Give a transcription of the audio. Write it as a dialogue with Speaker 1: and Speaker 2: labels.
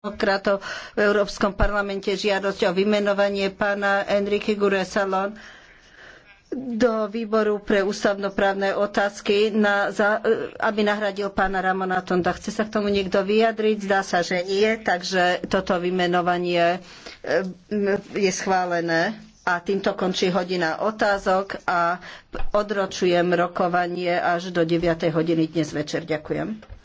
Speaker 1: demokratov v Európskom parlamente žiadosť o vymenovanie pána Enrique Guresalon do výboru pre ústavnoprávne otázky, na, za, e, aby nahradil pána Ramona Tonda. Chce sa k tomu niekto vyjadriť? Zdá sa, že nie, takže toto vymenovanie e, je schválené. A týmto končí hodina otázok a odročujem rokovanie až do 9. hodiny dnes večer. Ďakujem.